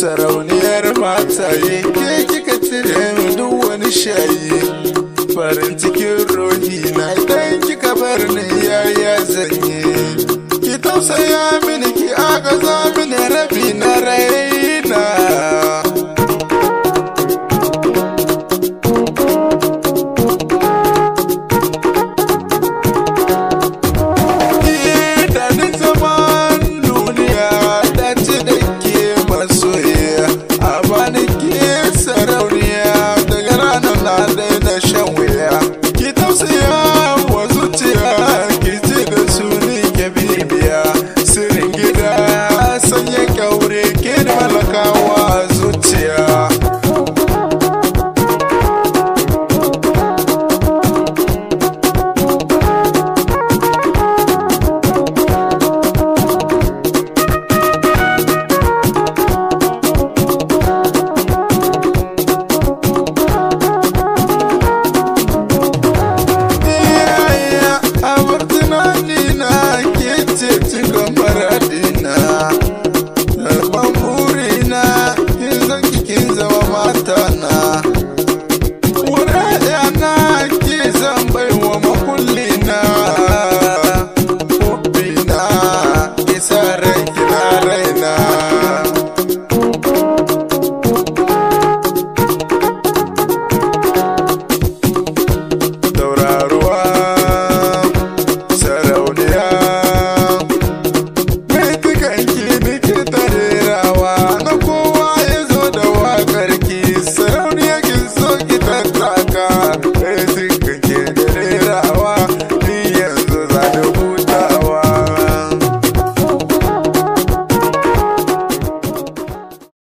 sarauniyar mataye ke kika cire min duk wani shayi farin cikin rohi na idan kika bar ni yaya zanye ki tausaya mini ki agaza mini rabi na rai bed.